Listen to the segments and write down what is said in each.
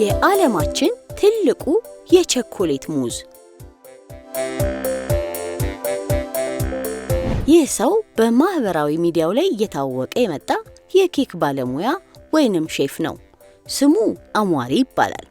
የዓለማችን ትልቁ የቸኮሌት ሙዝ። ይህ ሰው በማህበራዊ ሚዲያው ላይ እየታወቀ የመጣ የኬክ ባለሙያ ወይንም ሼፍ ነው። ስሙ አሟሪ ይባላል።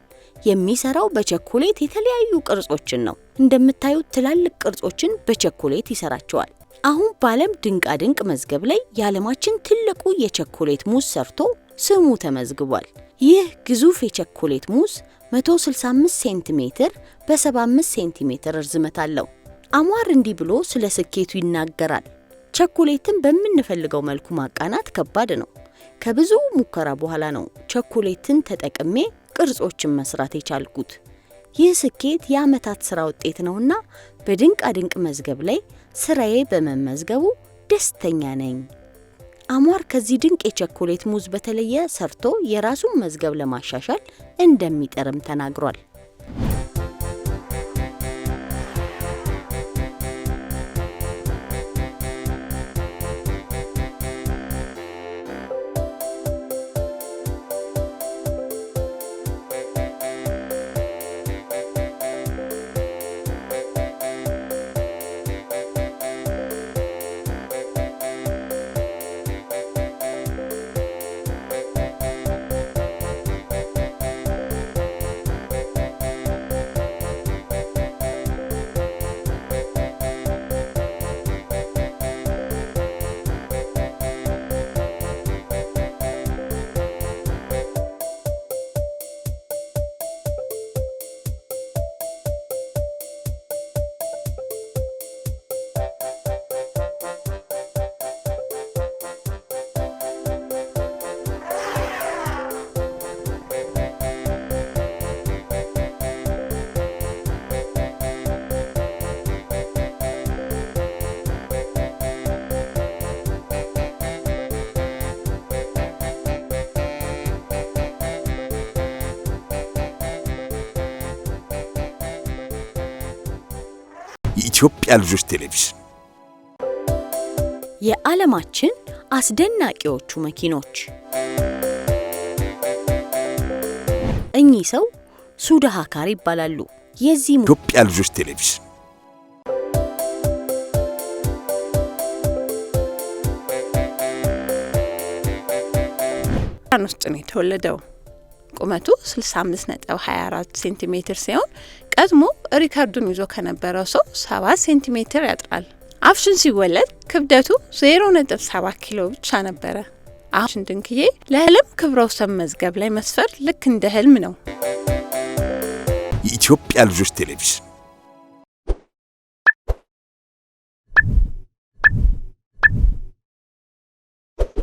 የሚሰራው በቸኮሌት የተለያዩ ቅርጾችን ነው። እንደምታዩት ትላልቅ ቅርጾችን በቸኮሌት ይሰራቸዋል። አሁን በዓለም ድንቃድንቅ መዝገብ ላይ የዓለማችን ትልቁ የቸኮሌት ሙዝ ሰርቶ ስሙ ተመዝግቧል። ይህ ግዙፍ የቸኮሌት ሙዝ 165 ሴንቲሜትር በ75 ሴንቲሜትር ርዝመት አለው። አሟር እንዲህ ብሎ ስለ ስኬቱ ይናገራል። ቸኮሌትን በምንፈልገው መልኩ ማቃናት ከባድ ነው። ከብዙ ሙከራ በኋላ ነው ቸኮሌትን ተጠቅሜ ቅርጾችን መስራት የቻልኩት። ይህ ስኬት የዓመታት ሥራ ውጤት ነውና በድንቃ ድንቅ መዝገብ ላይ ስራዬ በመመዝገቡ ደስተኛ ነኝ። አሟር ከዚህ ድንቅ የቸኮሌት ሙዝ በተለየ ሰርቶ የራሱን መዝገብ ለማሻሻል እንደሚጥርም ተናግሯል። የኢትዮጵያ ልጆች ቴሌቪዥን። የዓለማችን አስደናቂዎቹ መኪኖች። እኚህ ሰው ሱዳሃካር ይባላሉ። የዚህ ኢትዮጵያ ልጆች ቴሌቪዥን ውስጥ ነው የተወለደው። ቁመቱ 65.24 ሴንቲሜትር ሲሆን ቀድሞ ሪከርዱን ይዞ ከነበረው ሰው 7 ሴንቲሜትር ያጥራል። አፍሽን ሲወለድ ክብደቱ 0.7 ኪሎ ብቻ ነበረ። አፍሽን ድንክዬ ለህልም ክብረ ወሰን መዝገብ ላይ መስፈር ልክ እንደ ህልም ነው። የኢትዮጵያ ልጆች ቴሌቪዥን